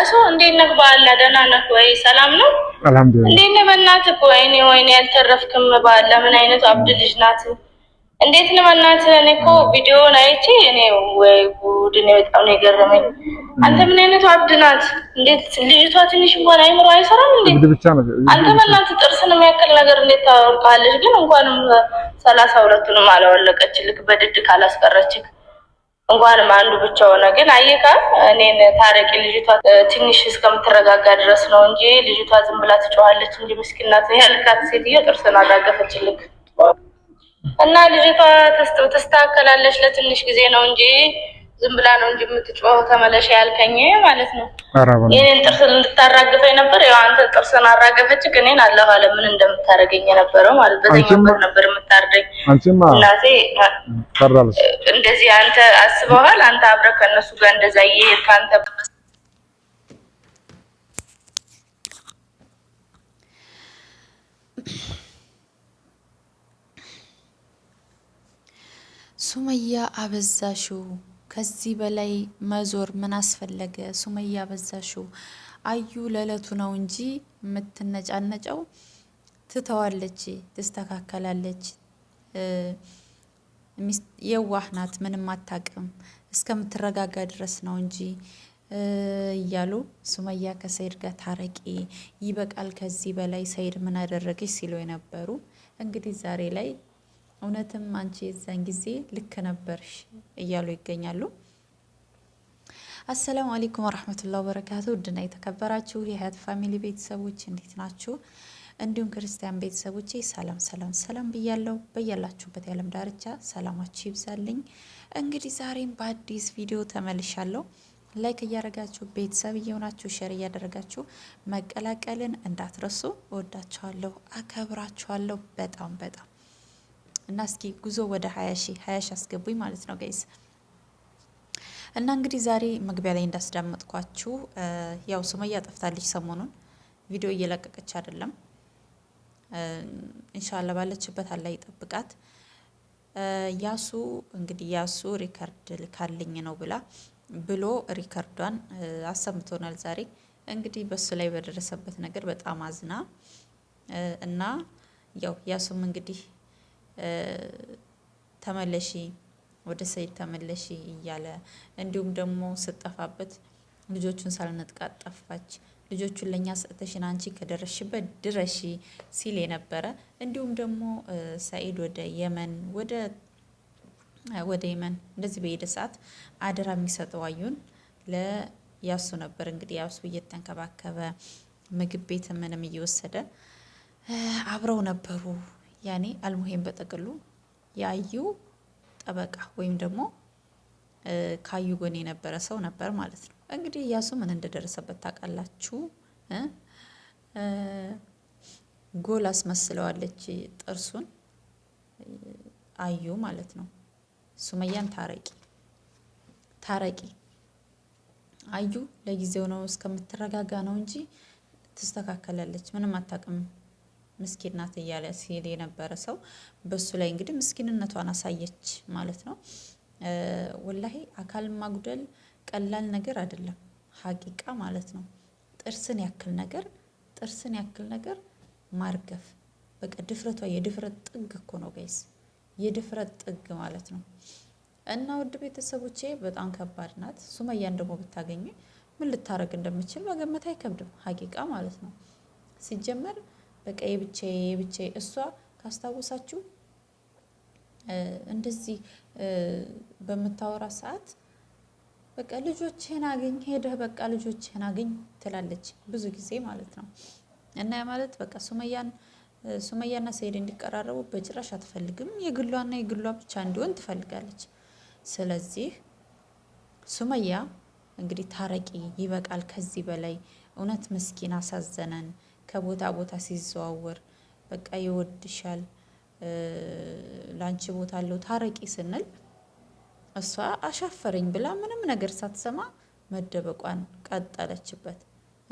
ደረሱ። እንዴት ነህ በዓላ? ደህና ነህ ወይ? ሰላም ነው? አልሐምዱሊላህ። እንዴት ነህ በእናትህ? ወይኔ ወይኔ፣ ያልተረፍክም በዓላ። ምን አይነቱ አብድ ልጅ ናት? እንዴት ነህ በእናትህ? እኔ እኮ ቪዲዮውን አይቼ እኔ ወይ ጉድ፣ እኔ በጣም ነው የገረመኝ። አንተ ምን አይነቱ አብድ ናት? እንዴት ልጅቷ ትንሽ እንኳን አይምሮ አይሰራም እንዴ? ብቻ ነው አንተ በእናትህ ጥርስን የሚያክል ነገር እንዴት ታወርቃለች? ግን እንኳንም ሰላሳ ሁለቱንም አላወለቀችልክ፣ በድድ ካላስቀረችክ እንኳንም አንዱ ብቻ ሆነ። ግን አየካ እኔን ታረቂ ልጅቷ ትንሽ እስከምትረጋጋ ድረስ ነው እንጂ ልጅቷ ዝም ብላ ትጮኋለች እንጂ ምስኪናት ያልካት ሴትዮ ጥርስን አራገፈችልክ እና ልጅቷ ትስተካከላለች ለትንሽ ጊዜ ነው እንጂ ዝም ብላ ነው እንጂ የምትጮኸው ተመለሽ ያልከኝ ማለት ነው። ይህንን ጥርስ እንድታራግፈኝ ነበር። ያው አንተ ጥርስን አራገፈች፣ ግን ን አለሁ አለ ምን እንደምታደርገኝ የነበረው ማለት በተኛበት ነበር የምታርደኝ እናቴ። እንደዚህ አንተ አስበሃል? አንተ አብረህ ከእነሱ ጋር እንደዛ እየሄድክ ከአንተ ሱመያ አበዛሽው ከዚህ በላይ መዞር ምን አስፈለገ? ሱመያ በዛሽው። አዩ ለእለቱ ነው እንጂ የምትነጫነጨው ትተዋለች፣ ትስተካከላለች። የዋህ ናት፣ ምንም አታቅም እስከምትረጋጋ ድረስ ነው እንጂ እያሉ ሱመያ ከሰይድ ጋር ታረቂ፣ ይበቃል፣ ከዚህ በላይ ሰይድ ምን አደረገች ሲሉ የነበሩ እንግዲህ ዛሬ ላይ እውነትም አንቺ የዛን ጊዜ ልክ ነበርሽ እያሉ ይገኛሉ። አሰላሙ አሌይኩም ወረህመቱላህ ወበረካቱ። ውድና የተከበራችሁ የሀያት ፋሚሊ ቤተሰቦች እንዴት ናችሁ? እንዲሁም ክርስቲያን ቤተሰቦቼ ሰላም ሰላም ሰላም ብያለው። በያላችሁበት የዓለም ዳርቻ ሰላማችሁ ይብዛልኝ። እንግዲህ ዛሬም በአዲስ ቪዲዮ ተመልሻለሁ። ላይክ እያደረጋችሁ ቤተሰብ እየሆናችሁ ሼር እያደረጋችሁ መቀላቀልን እንዳትረሱ። እወዳችኋለሁ፣ አከብራችኋለሁ በጣም በጣም እና እስኪ ጉዞ ወደ ሀያ ሺ ሀያ ሺ አስገቡኝ ማለት ነው ገይዝ እና እንግዲህ ዛሬ መግቢያ ላይ እንዳስዳመጥኳችሁ ያው ሱመያ ጠፍታለች። ሰሞኑን ቪዲዮ እየለቀቀች አይደለም። እንሻላ ባለችበት አላ ይጠብቃት። ያሱ እንግዲህ ያሱ ሪከርድ ልካልኝ ነው ብላ ብሎ ሪከርዷን አሰምቶናል ዛሬ እንግዲህ በሱ ላይ በደረሰበት ነገር በጣም አዝና እና ያው ያሱም እንግዲህ ተመለሺ፣ ወደ ሰይድ ተመለሺ እያለ እንዲሁም ደግሞ ስጠፋበት ልጆቹን ሳልነጥቃት ጠፋች፣ ልጆቹን ለእኛ ሰጥተሽን አንቺ ከደረሽበት ድረሺ ሲል የነበረ እንዲሁም ደግሞ ሰይድ ወደ የመን ወደ ወደ የመን እንደዚህ በሄደ ሰዓት አደራ የሚሰጠው አዩን ለያሱ ነበር። እንግዲህ ያሱ እየተንከባከበ ምግብ ቤት ምንም እየወሰደ አብረው ነበሩ። ያኔ አልሙሄም በጠቅሉ የአዩ ጠበቃ ወይም ደግሞ ካዩ ጎን የነበረ ሰው ነበር ማለት ነው። እንግዲህ እያሱ ምን እንደደረሰበት ታውቃላችሁ። ጎል አስመስለዋለች ጥርሱን አዩ ማለት ነው። ሱመያን ታረቂ ታረቂ አዩ ለጊዜው ነው እስከምትረጋጋ ነው እንጂ ትስተካከላለች። ምንም አታውቅም። ምስኪን ናት እያለ ሲል የነበረ ሰው በሱ ላይ እንግዲህ ምስኪንነቷን አሳየች ማለት ነው። ወላሂ አካል ማጉደል ቀላል ነገር አይደለም፣ ሀቂቃ ማለት ነው። ጥርስን ያክል ነገር ጥርስን ያክል ነገር ማርገፍ በቃ ድፍረቷ የድፍረት ጥግ እኮ ነው ጋይስ፣ የድፍረት ጥግ ማለት ነው። እና ውድ ቤተሰቦቼ በጣም ከባድ ናት። ሱመያን ደግሞ ብታገኙ ምን ልታረግ እንደምችል መገመት አይከብድም፣ ሀቂቃ ማለት ነው ሲጀመር በቃ የብቻዬ የብቻዬ እሷ ካስታወሳችሁ እንደዚህ በምታወራ ሰዓት በቃ ልጆችህን አግኝ ሄደህ በቃ ልጆችህን አገኝ ትላለች ብዙ ጊዜ ማለት ነው። እና ያ ማለት በቃ ሱመያን ሱመያና ሰይድ እንዲቀራረቡ በጭራሽ አትፈልግም። የግሏና የግሏ ብቻ እንዲሆን ትፈልጋለች። ስለዚህ ሱመያ እንግዲህ ታረቂ፣ ይበቃል ከዚህ በላይ እውነት ምስኪን አሳዘነን። ከቦታ ቦታ ሲዘዋወር በቃ ይወድሻል፣ ላንቺ ቦታ አለው ታረቂ ስንል እሷ አሻፈረኝ ብላ ምንም ነገር ሳትሰማ መደበቋን ቀጠለችበት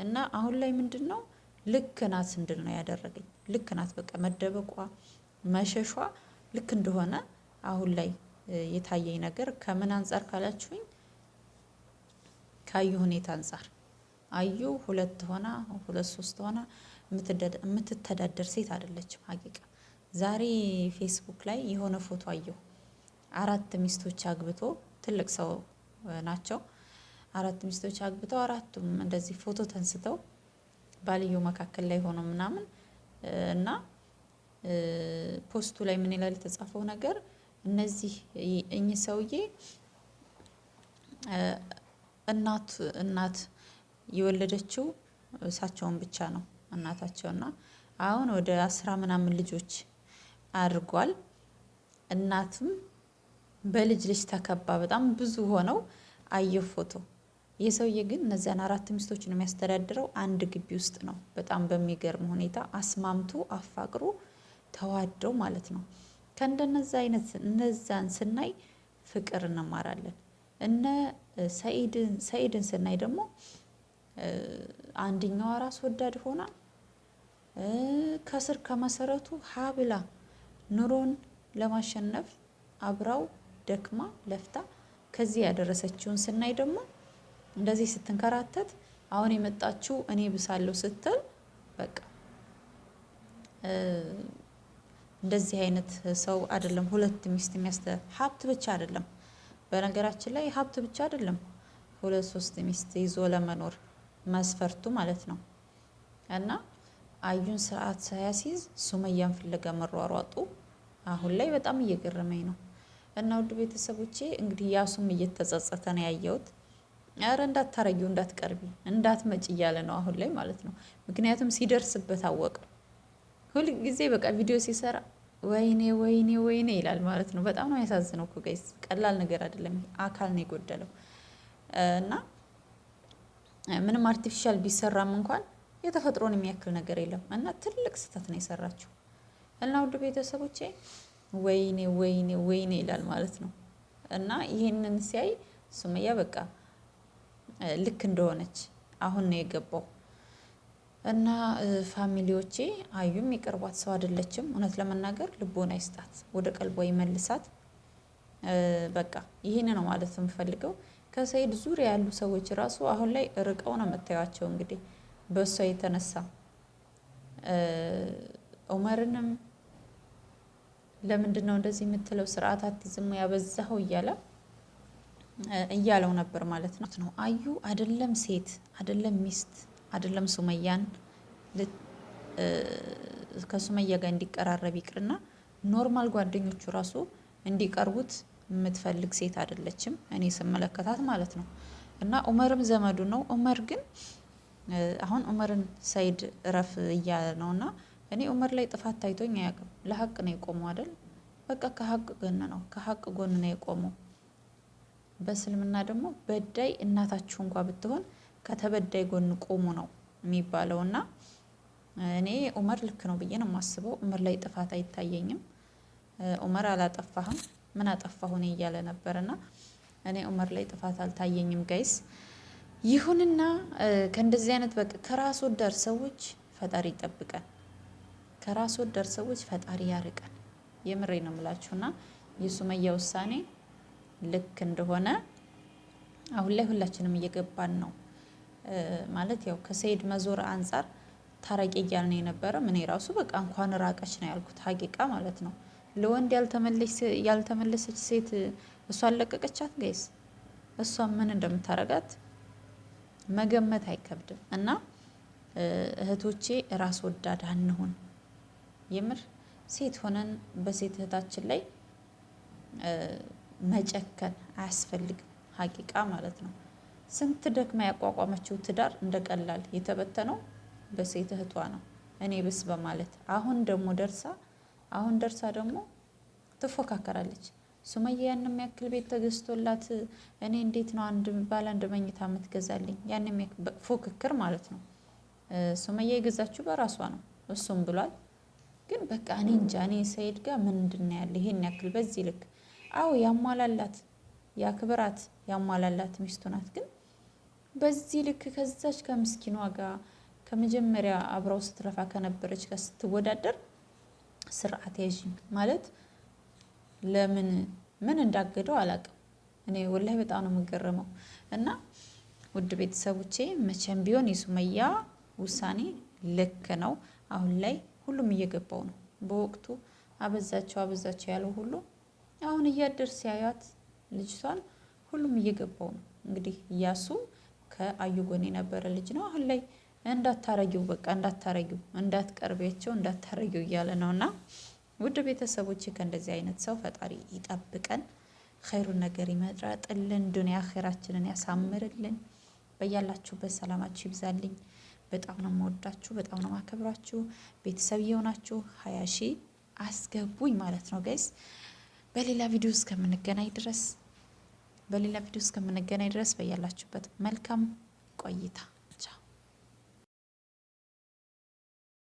እና አሁን ላይ ምንድን ነው ልክ ናት እንድል ነው ያደረገኝ። ልክ ናት በቃ መደበቋ መሸሿ ልክ እንደሆነ አሁን ላይ የታየኝ ነገር ከምን አንጻር ካላችሁኝ፣ ካዩ ሁኔታ አንጻር አዩ ሁለት ሆና ሁለት ሶስት ሆና የምትተዳደር ሴት አይደለችም። ሀቂቃ ዛሬ ፌስቡክ ላይ የሆነ ፎቶ አየሁ። አራት ሚስቶች አግብቶ ትልቅ ሰው ናቸው። አራት ሚስቶች አግብተው አራቱም እንደዚህ ፎቶ ተንስተው ባልየው መካከል ላይ ሆኖ ምናምን እና ፖስቱ ላይ ምን ይላል የተጻፈው ነገር እነዚህ እኚህ ሰውዬ እናት እናት የወለደችው እሳቸውን ብቻ ነው እናታቸውና አሁን ወደ አስራ ምናምን ልጆች አድርጓል። እናትም በልጅ ልጅ ተከባ በጣም ብዙ ሆነው አየሁ ፎቶ። ይህ ሰውዬ ግን እነዚያን አራት ሚስቶችን የሚያስተዳድረው አንድ ግቢ ውስጥ ነው። በጣም በሚገርም ሁኔታ አስማምቶ አፋቅሮ ተዋደው ማለት ነው። ከእንደነዚ አይነት እነዛን ስናይ ፍቅር እንማራለን። እነ ሰኢድን ስናይ ደግሞ አንደኛዋ ራስ ወዳድ ሆና ከስር ከመሰረቱ ሀብላ ኑሮን ለማሸነፍ አብራው ደክማ ለፍታ ከዚህ ያደረሰችውን ስናይ ደግሞ እንደዚህ ስትንከራተት አሁን የመጣችው እኔ ብሳለሁ ስትል በቃ እንደዚህ አይነት ሰው አይደለም። ሁለት ሚስት የሚያስተ ሀብት ብቻ አይደለም። በነገራችን ላይ ሀብት ብቻ አይደለም። ሁለት ሶስት ሚስት ይዞ ለመኖር መስፈርቱ ማለት ነው። እና አዩን ስርዓት ሳያሲዝ ሱመያን ፍለጋ መሯሯጡ አሁን ላይ በጣም እየገረመኝ ነው። እና ውድ ቤተሰቦቼ እንግዲህ ያሱም እየተጸጸተ ነው ያየሁት። ኧረ እንዳታረጊው፣ እንዳትቀርቢ፣ እንዳትመጭ እያለ ነው አሁን ላይ ማለት ነው። ምክንያቱም ሲደርስበት አወቅ ሁልጊዜ በቃ ቪዲዮ ሲሰራ ወይኔ ወይኔ ወይኔ ይላል ማለት ነው። በጣም ነው ያሳዝነው እኮ ጋይስ፣ ቀላል ነገር አይደለም። አካል ነው የጎደለው እና ምንም አርቲፊሻል ቢሰራም እንኳን የተፈጥሮን የሚያክል ነገር የለም እና ትልቅ ስህተት ነው የሰራችው። እና ውድ ቤተሰቦቼ ወይኔ ወይኔ ወይኔ ይላል ማለት ነው። እና ይህንን ሲያይ ሱመያ በቃ ልክ እንደሆነች አሁን ነው የገባው። እና ፋሚሊዎቼ አዩም የቅርቧት ሰው አይደለችም። እውነት ለመናገር ልቦና ይስጣት፣ ወደ ቀልቧ ይመልሳት። በቃ ይህን ነው ማለት የምፈልገው። ከሰይድ ዙሪያ ያሉ ሰዎች ራሱ አሁን ላይ ርቀው ነው የምታያቸው እንግዲህ በእሷ የተነሳ ኡመርንም ለምንድን ነው እንደዚህ የምትለው ስርዓት አትይዝም ያበዛኸው እያለ እያለው ነበር ማለት ነው። አዩ አይደለም ሴት አይደለም ሚስት አይደለም ሱመያን ከሱመያ ጋር እንዲቀራረብ ይቅርና ኖርማል ጓደኞቹ ራሱ እንዲቀርቡት የምትፈልግ ሴት አይደለችም፣ እኔ ስመለከታት ማለት ነው። እና ኡመርም ዘመዱ ነው። ኡመር ግን አሁን ኡመርን ሰይድ እረፍ እያለ ነው። እና እኔ ኡመር ላይ ጥፋት ታይቶኝ አያውቅም። ለሀቅ ነው የቆመው አይደል? በቃ ከሀቅ ጎን ነው ከሀቅ ጎን ነው የቆመው። በእስልምና ደግሞ በዳይ እናታችሁ እንኳ ብትሆን ከተበዳይ ጎን ቆሙ ነው የሚባለው። እና እኔ ኡመር ልክ ነው ብዬ ነው የማስበው። ኡመር ላይ ጥፋት አይታየኝም። ኡመር አላጠፋህም። ምን አጠፋሁ እኔ እያለ ነበርና እኔ ኡመር ላይ ጥፋት አልታየኝም ጋይስ። ይሁንና ከእንደዚህ አይነት በቃ ከራስ ወዳድ ሰዎች ፈጣሪ ይጠብቀን፣ ከራስ ወዳድ ሰዎች ፈጣሪ ያርቀን። የምሬ ነው ምላችሁና የሱመያ ውሳኔ ልክ እንደሆነ አሁን ላይ ሁላችንም እየገባን ነው። ማለት ያው ከሰይድ መዞር አንጻር ታረቂ እያልን የነበረ ምን ራሱ በቃ እንኳን ራቀች ነው ያልኩት ሀቂቃ ማለት ነው። ለወንድ ያልተመለሰች ሴት እሷ አለቀቀቻት ጋይስ። እሷ ምን እንደምታረጋት መገመት አይከብድም። እና እህቶቼ ራስ ወዳድ አንሁን። የምር ሴት ሆነን በሴት እህታችን ላይ መጨከን አያስፈልግም። ሀቂቃ ማለት ነው። ስንት ደክማ ያቋቋመችው ትዳር እንደ ቀላል የተበተነው በሴት እህቷ ነው እኔ ብስ በማለት አሁን ደግሞ ደርሳ አሁን ደርሳ ደግሞ ትፎካከራለች። ሱመያ ያን የሚያክል ቤት ተገዝቶላት እኔ እንዴት ነው አንድ ባለ አንድ መኝታ የምትገዛልኝ? ያን ፉክክር ማለት ነው። ሱመያ የገዛችው በራሷ ነው፣ እሱም ብሏል። ግን በቃ እኔ እንጃ እኔ ሰይድ ጋር ምንድን ያለ ይሄን ያክል በዚህ ልክ። አዎ ያሟላላት፣ ያክብራት፣ ያሟላላት ሚስቱ ናት። ግን በዚህ ልክ ከዛች ከምስኪኗ ጋር ከመጀመሪያ አብረው ስትለፋ ከነበረች ጋር ስትወዳደር ስርዓት ያዥ ማለት ለምን ምን እንዳገደው አላውቅም። እኔ ወላሂ በጣም ነው የምገረመው። እና ውድ ቤተሰቦቼ መቼም ቢሆን የሱመያ ውሳኔ ልክ ነው። አሁን ላይ ሁሉም እየገባው ነው። በወቅቱ አበዛቸው አበዛቸው ያለው ሁሉ አሁን እያደር ሲያያት ልጅቷን ሁሉም እየገባው ነው። እንግዲህ እያሱ ከአዩ ጎን የነበረ ልጅ ነው አሁን ላይ እንዳታረጊው በቃ እንዳታረጊው እንዳትቀርቤቸው እንዳታረጊው እያለ ነው እና ውድ ቤተሰቦች ከእንደዚህ አይነት ሰው ፈጣሪ ይጠብቀን፣ ኸይሩን ነገር ይመራጥልን፣ ዱንያ ኸይራችንን ያሳምርልን። በያላችሁበት ሰላማችሁ ይብዛልኝ። በጣም ነው መወዳችሁ፣ በጣም ነው ማከብራችሁ። ቤተሰብ የሆናችሁ ሀያ ሺ አስገቡኝ ማለት ነው ጋይስ። በሌላ ቪዲዮ እስከምንገናኝ ድረስ በሌላ ቪዲዮ እስከምንገናኝ ድረስ በያላችሁበት መልካም ቆይታ